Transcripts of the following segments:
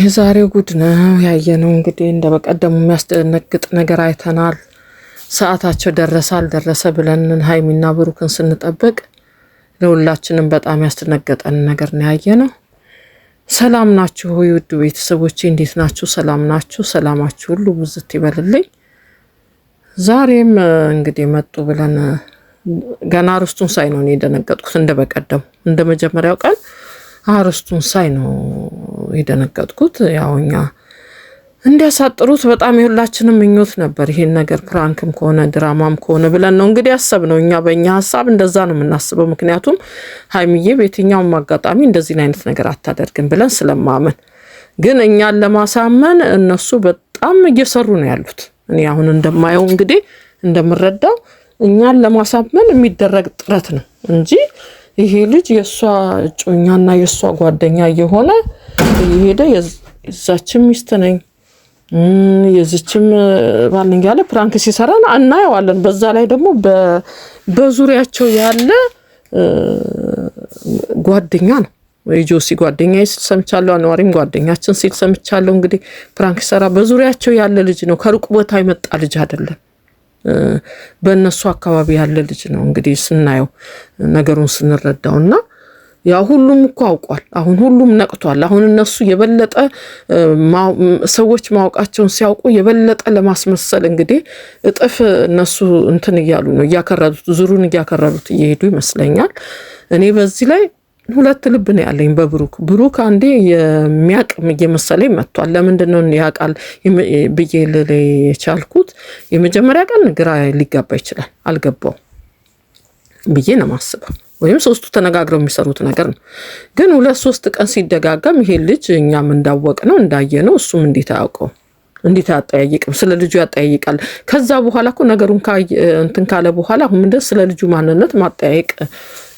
የዛሬው ጉድ ነው ያየነው። እንግዲህ እንደ በቀደሙ የሚያስደነግጥ ነገር አይተናል። ሰዓታቸው ደረሰ አልደረሰ ብለን ሀይሚና ብሩክን ስንጠብቅ ለሁላችንም በጣም ያስደነገጠን ነገር ነው ያየነው። ሰላም ናችሁ ውድ ቤተሰቦቼ፣ እንዴት ናችሁ? ሰላም ናችሁ? ሰላማችሁ ሁሉ ብዝት ይበልልኝ። ዛሬም እንግዲህ መጡ ብለን ገና ርስቱን ሳይ ነው የደነገጥኩት። እንደ በቀደሙ እንደ መጀመሪያው ቀን አርስቱን ሳይ ነው የደነገጥኩት። ያው እኛ እንዲያሳጥሩት በጣም የሁላችንም ምኞት ነበር። ይሄን ነገር ፕራንክም ከሆነ ድራማም ከሆነ ብለን ነው እንግዲህ ነው እኛ በእኛ ሀሳብ እንደዛ ነው የምናስበው። ምክንያቱም ሀይሚዬ በየትኛውም አጋጣሚ እንደዚህን አይነት ነገር አታደርግም ብለን ስለማመን፣ ግን እኛን ለማሳመን እነሱ በጣም እየሰሩ ነው ያሉት። እኔ አሁን እንደማየው እንግዲህ እንደምረዳው እኛን ለማሳመን የሚደረግ ጥረት ነው እንጂ ይሄ ልጅ የእሷ እጮኛና የእሷ ጓደኛ እየሆነ እየሄደ የዛችም ሚስት ነኝ የዚችም ባልን ያለ ፕራንክ ሲሰራን እናየዋለን። በዛ ላይ ደግሞ በዙሪያቸው ያለ ጓደኛ ነው የጆሲ ጓደኛ ሲል ሰምቻለሁ። አኗሪም ጓደኛችን ሲል ሰምቻለሁ። እንግዲህ ፕራንክ ሲሰራ በዙሪያቸው ያለ ልጅ ነው። ከሩቅ ቦታ የመጣ ልጅ አይደለም። በእነሱ አካባቢ ያለ ልጅ ነው እንግዲህ ስናየው ነገሩን ስንረዳው እና ያ ሁሉም እኮ አውቋል። አሁን ሁሉም ነቅቷል። አሁን እነሱ የበለጠ ሰዎች ማወቃቸውን ሲያውቁ የበለጠ ለማስመሰል እንግዲህ እጥፍ እነሱ እንትን እያሉ ነው፣ እያከረዱት ዙሩን እያከረዱት እየሄዱ ይመስለኛል እኔ በዚህ ላይ ሁለት ልብ ነው ያለኝ በብሩክ ብሩክ አንዴ የሚያቅ እየመሰለኝ መጥቷል። ለምንድን ነው ያ ቃል ብዬ ልል የቻልኩት? የመጀመሪያ ቀን ግራ ሊጋባ ይችላል። አልገባው ብዬ ነው ማስበው ወይም ሶስቱ ተነጋግረው የሚሰሩት ነገር ነው። ግን ሁለት ሶስት ቀን ሲደጋገም ይሄ ልጅ እኛም እንዳወቅ ነው እንዳየ ነው እሱም እንዴት አያውቀው እንዴት አጠያይቅም? ስለ ልጁ ያጠያይቃል። ከዛ በኋላ እኮ ነገሩን እንትን ካለ በኋላ አሁን ምንድን ስለ ልጁ ማንነት ማጠያየቅ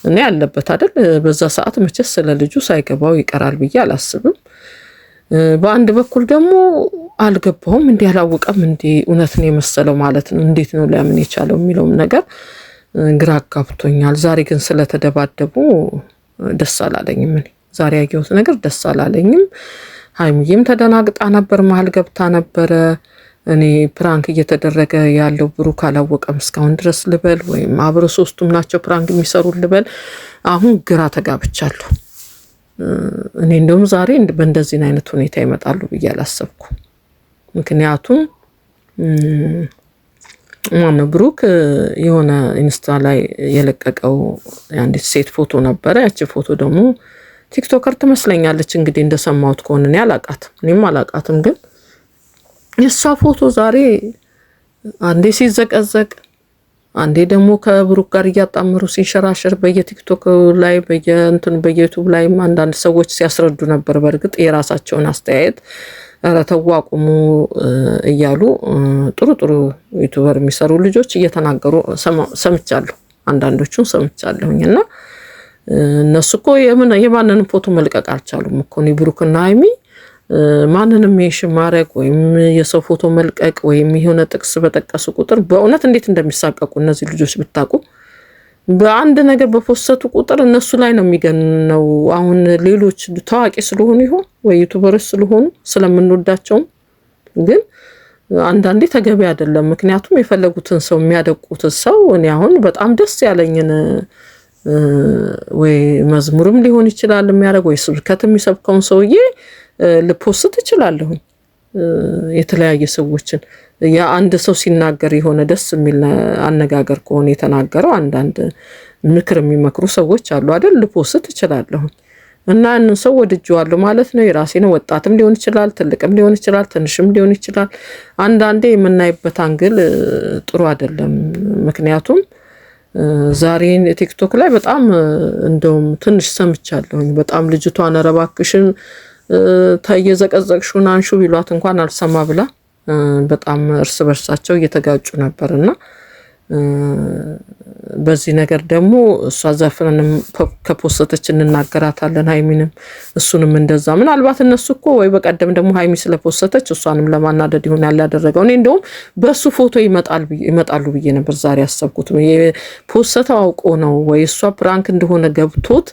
እኔ ያለበት አይደል በዛ ሰዓት መቼስ ስለ ልጁ ሳይገባው ይቀራል ብዬ አላስብም። በአንድ በኩል ደግሞ አልገባውም እንዲህ አላወቀም እንዲህ ነው የመሰለው ማለት ነው እንዴት ነው ሊያምን የቻለው የሚለውም ነገር ግራ አጋብቶኛል። ዛሬ ግን ስለተደባደቡ ደስ አላለኝም። እኔ ዛሬ ያየሁት ነገር ደስ አላለኝም። ሀይሚዬም ተደናግጣ ነበር፣ መሀል ገብታ ነበረ። እኔ ፕራንክ እየተደረገ ያለው ብሩክ አላወቀም እስካሁን ድረስ ልበል ወይም አብረ ሶስቱም ናቸው ፕራንክ የሚሰሩ ልበል። አሁን ግራ ተጋብቻለሁ። እኔ እንደውም ዛሬ በእንደዚህን አይነት ሁኔታ ይመጣሉ ብዬ አላሰብኩ። ምክንያቱም ማነው ብሩክ የሆነ ኢንስታ ላይ የለቀቀው የአንዲት ሴት ፎቶ ነበረ። ያቺ ፎቶ ደግሞ ቲክቶከር ትመስለኛለች እንግዲህ እንደሰማሁት ከሆነ እኔ አላቃትም፣ እኔም አላቃትም ግን የእሷ ፎቶ ዛሬ አንዴ ሲዘቀዘቅ አንዴ ደግሞ ከብሩክ ጋር እያጣመሩ ሲንሸራሸር በየቲክቶክ ላይ በየእንትን በየዩቱብ ላይም አንዳንድ ሰዎች ሲያስረዱ ነበር። በእርግጥ የራሳቸውን አስተያየት ረተዋቁሙ እያሉ ጥሩ ጥሩ ዩቱበር የሚሰሩ ልጆች እየተናገሩ ሰምቻለሁ። አንዳንዶቹን ሰምቻለሁኝ እና እነሱ እኮ የማንንም ፎቶ መልቀቅ አልቻሉም እኮ ብሩክና ሀይሚ ማንንም ሜንሽን ማድረግ ወይም የሰው ፎቶ መልቀቅ ወይም የሆነ ጥቅስ በጠቀሱ ቁጥር በእውነት እንዴት እንደሚሳቀቁ እነዚህ ልጆች ብታውቁ፣ በአንድ ነገር በፖሰቱ ቁጥር እነሱ ላይ ነው የሚገነው። አሁን ሌሎች ታዋቂ ስለሆኑ ይሆን ወይ ዩቱበሮች ስለሆኑ ስለምንወዳቸውም፣ ግን አንዳንዴ ተገቢ አይደለም። ምክንያቱም የፈለጉትን ሰው የሚያደቁትን ሰው እኔ አሁን በጣም ደስ ያለኝን ወይ መዝሙርም ሊሆን ይችላል የሚያደርግ ወይ ስብከት የሚሰብከውን ሰውዬ ልፖስት እችላለሁኝ የተለያየ ሰዎችን አንድ ሰው ሲናገር የሆነ ደስ የሚል አነጋገር ከሆነ የተናገረው አንዳንድ ምክር የሚመክሩ ሰዎች አሉ አይደል? ልፖስት እችላለሁኝ እና ያንን ሰው ወድጄዋለሁ ማለት ነው። የራሴ ነው። ወጣትም ሊሆን ይችላል፣ ትልቅም ሊሆን ይችላል፣ ትንሽም ሊሆን ይችላል። አንዳንዴ የምናይበት አንግል ጥሩ አይደለም። ምክንያቱም ዛሬን ቲክቶክ ላይ በጣም እንደውም ትንሽ ሰምቻለሁኝ። በጣም ልጅቷን ረባክሽን እየዘቀዘቅሽውን አንሹ ቢሏት እንኳን አልሰማ ብላ በጣም እርስ በርሳቸው እየተጋጩ ነበር እና በዚህ ነገር ደግሞ እሷ ዘፍነንም ከፖሰተች እንናገራታለን። ሀይሚንም እሱንም እንደዛ ምናልባት እነሱ እኮ ወይ በቀደም ደግሞ ሀይሚ ስለፖሰተች እሷንም ለማናደድ ይሆን ያለ ያደረገው። እኔ እንደውም በእሱ ፎቶ ይመጣሉ ብዬ ነበር ዛሬ ያሰብኩት። ፖሰተው አውቆ ነው ወይ እሷ ፕራንክ እንደሆነ ገብቶት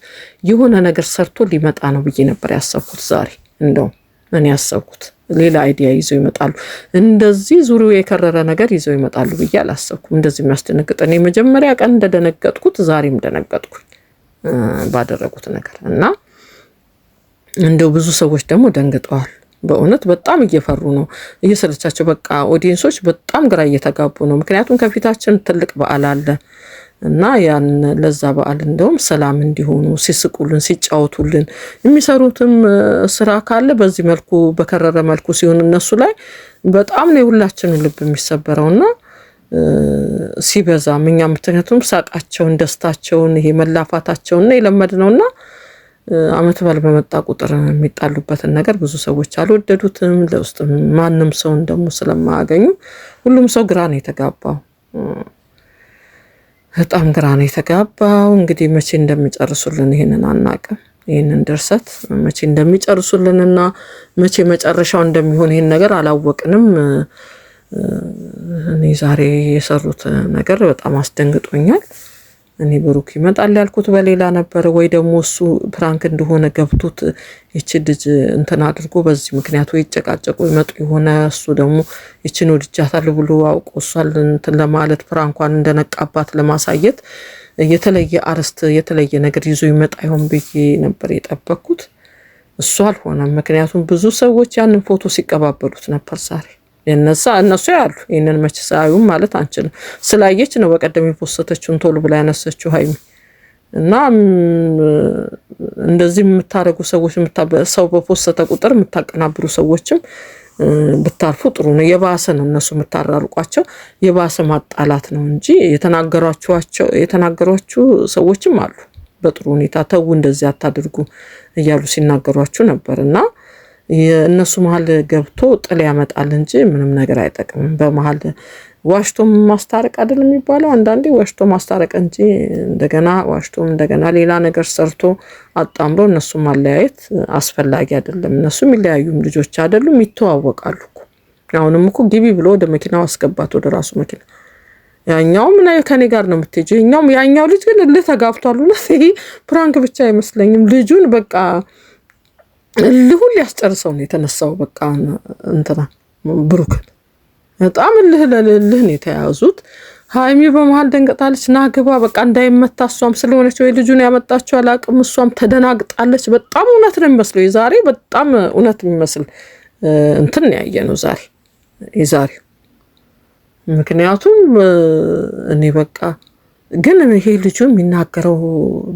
የሆነ ነገር ሰርቶ ሊመጣ ነው ብዬ ነበር ያሰብኩት ዛሬ እንደውም እኔ ያሰብኩት ሌላ አይዲያ ይዘው ይመጣሉ። እንደዚህ ዙሪው የከረረ ነገር ይዘው ይመጣሉ ብዬ አላሰብኩም። እንደዚህ የሚያስደነግጥ እኔ መጀመሪያ ቀን እንደደነገጥኩት ዛሬም ደነገጥኩኝ ባደረጉት ነገር እና እንደው ብዙ ሰዎች ደግሞ ደንግጠዋል። በእውነት በጣም እየፈሩ ነው፣ እየሰለቻቸው በቃ ኦዲየንሶች በጣም ግራ እየተጋቡ ነው። ምክንያቱም ከፊታችን ትልቅ በዓል አለ እና ያን ለዛ በዓል እንደውም ሰላም እንዲሆኑ ሲስቁልን፣ ሲጫወቱልን የሚሰሩትም ስራ ካለ በዚህ መልኩ በከረረ መልኩ ሲሆን እነሱ ላይ በጣም ነው የሁላችን ልብ የሚሰበረውና ሲበዛም እኛ ምክንያቱም ሳቃቸውን፣ ደስታቸውን ይሄ መላፋታቸውንና የለመድ ነውና አመት በዓል በመጣ ቁጥር የሚጣሉበትን ነገር ብዙ ሰዎች አልወደዱትም። ለውስጥ ማንም ሰውን ደግሞ ስለማያገኙ ሁሉም ሰው ግራ ነው የተጋባው። በጣም ግራ ነው የተጋባው። እንግዲህ መቼ እንደሚጨርሱልን ይህንን አናቅም። ይህንን ድርሰት መቼ እንደሚጨርሱልን እና መቼ መጨረሻው እንደሚሆን ይህን ነገር አላወቅንም። እኔ ዛሬ የሰሩት ነገር በጣም አስደንግጦኛል። እኔ ብሩክ ይመጣል ያልኩት በሌላ ነበረ፣ ወይ ደግሞ እሱ ፕራንክ እንደሆነ ገብቶት ይቺ ልጅ እንትን አድርጎ በዚህ ምክንያት ወይ ይጨቃጨቁ ይመጡ የሆነ እሱ ደግሞ ይችን ውድጃታል ብሎ አውቆ እሷን እንትን ለማለት ፕራንኳን እንደነቃባት ለማሳየት የተለየ አርስት የተለየ ነገር ይዞ ይመጣ ይሆን ብዬ ነበር የጠበቅኩት። እሱ አልሆነም። ምክንያቱም ብዙ ሰዎች ያንን ፎቶ ሲቀባበሉት ነበር ዛሬ የነሳ እነሱ ያሉ ይህንን መቼ ሳያዩም ማለት አንችልም። ስላየች ነው በቀደም የፖሰተችውን ቶሎ ብላ ያነሰችው ሀይሚ እና እንደዚህ የምታደርጉ ሰዎች ሰው በፖሰተ ቁጥር የምታቀናብሩ ሰዎችም ብታርፉ ጥሩ ነው። የባሰ ነው እነሱ የምታራርቋቸው የባሰ ማጣላት ነው እንጂ የተናገሯቸው የተናገሯችሁ ሰዎችም አሉ በጥሩ ሁኔታ ተዉ እንደዚህ አታድርጉ እያሉ ሲናገሯችሁ ነበር እና እነሱ መሀል ገብቶ ጥል ያመጣል እንጂ ምንም ነገር አይጠቅምም። በመሀል ዋሽቶ ማስታረቅ አይደል የሚባለው? አንዳንዴ ዋሽቶ ማስታረቅ እንጂ እንደገና ዋሽቶ እንደገና ሌላ ነገር ሰርቶ አጣምሮ እነሱ ማለያየት አስፈላጊ አይደለም። እነሱ የሚለያዩም ልጆች አይደሉም፣ ይተዋወቃሉ። አሁንም እኮ ግቢ ብሎ ወደ መኪናው አስገባት፣ ወደ ራሱ መኪና። ያኛው ምን ከኔ ጋር ነው የምትሄጂው? ያኛው ልጅ ግን ልተጋብቷል። ይሄ ፕራንክ ብቻ አይመስለኝም። ልጁን በቃ እልሁን ሊያስጨርሰው ነው የተነሳው። በቃ እንትና ብሩክን በጣም እልህ ለልልህ ነው የተያያዙት። ሀይሚ በመሀል ደንገጣለች። ናግባ በቃ እንዳይመታ እሷም ስለሆነች ወይ ልጁን ያመጣችው አላቅም። እሷም ተደናግጣለች። በጣም እውነት ነው የሚመስለው የዛሬ በጣም እውነት የሚመስል እንትን ያየ ነው ዛሬ የዛሬው። ምክንያቱም እኔ በቃ ግን ይሄ ልጁ የሚናገረው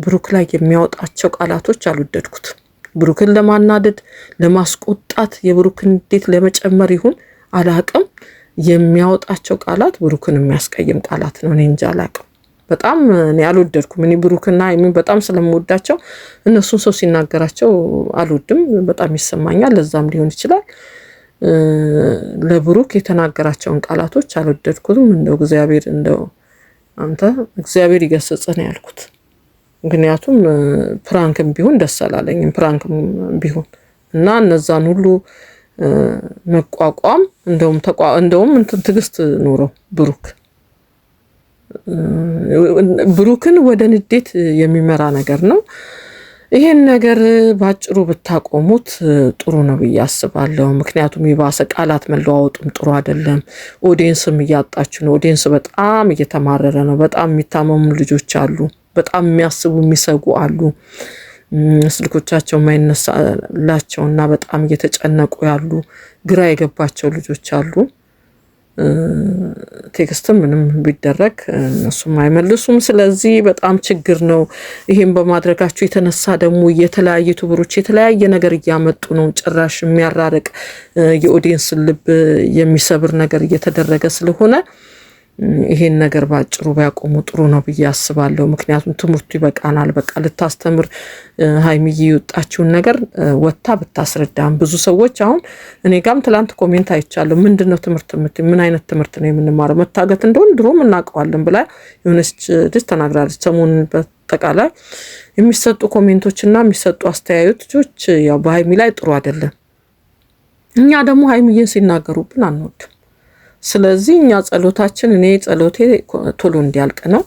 ብሩክ ላይ የሚያወጣቸው ቃላቶች አልወደድኩትም። ብሩክን ለማናደድ ለማስቆጣት፣ የብሩክን እንዴት ለመጨመር ይሁን አላቅም። የሚያወጣቸው ቃላት ብሩክን የሚያስቀይም ቃላት ነው። እኔ እንጃ አላቅም። በጣም እኔ አልወደድኩም። እኔ ብሩክና ሀይሚን በጣም ስለምወዳቸው እነሱን ሰው ሲናገራቸው አልወድም፣ በጣም ይሰማኛል። ለዛም ሊሆን ይችላል ለብሩክ የተናገራቸውን ቃላቶች አልወደድኩትም። እንደው እግዚአብሔር እንደው አንተ እግዚአብሔር ይገስጽህ ነው ያልኩት። ምክንያቱም ፕራንክም ቢሆን ደስ አላለኝም። ፕራንክም ቢሆን እና እነዛን ሁሉ መቋቋም እንደውም ተቋ እንደውም እንትን ኖረው ብሩክ ብሩክን ወደ ንዴት የሚመራ ነገር ነው። ይሄን ነገር ባጭሩ ብታቆሙት ጥሩ ነው ብዬ አስባለሁ። ምክንያቱም የባሰ ቃላት መለዋወጡም ጥሩ አይደለም። ኦዲየንስም እያጣችሁ ነው። ኦዲየንስ በጣም እየተማረረ ነው። በጣም የሚታመሙ ልጆች አሉ። በጣም የሚያስቡ የሚሰጉ አሉ። ስልኮቻቸው ማይነሳላቸው እና በጣም እየተጨነቁ ያሉ ግራ የገባቸው ልጆች አሉ። ቴክስትም ምንም ቢደረግ እነሱም አይመልሱም። ስለዚህ በጣም ችግር ነው። ይህም በማድረጋቸው የተነሳ ደግሞ የተለያዩ ቱብሮች የተለያየ ነገር እያመጡ ነው። ጭራሽ የሚያራርቅ የኦዲየንስን ልብ የሚሰብር ነገር እየተደረገ ስለሆነ ይሄን ነገር ባጭሩ ቢያቆሙ ጥሩ ነው ብዬ አስባለሁ። ምክንያቱም ትምህርቱ ይበቃናል። በቃ ልታስተምር ሀይሚዬ የወጣችውን ነገር ወታ ብታስረዳም ብዙ ሰዎች አሁን እኔ ጋም ትላንት ኮሜንት አይቻለሁ። ምንድን ነው ትምህርት ምን አይነት ትምህርት ነው የምንማረው? መታገት እንደሆን ድሮም እናውቀዋለን ብላ የሆነች ልጅ ተናግራለች። ሰሞኑን በጠቃላይ የሚሰጡ ኮሜንቶችና የሚሰጡ አስተያየቶች ያው በሀይሚ ላይ ጥሩ አይደለም። እኛ ደግሞ ሀይሚዬን ሲናገሩብን አንወድም። ስለዚህ እኛ ጸሎታችን እኔ ጸሎቴ ቶሎ እንዲያልቅ ነው።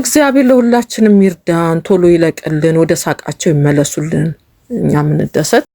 እግዚአብሔር ለሁላችንም ይርዳን፣ ቶሎ ይለቅልን፣ ወደ ሳቃቸው ይመለሱልን፣ እኛ ምንደሰት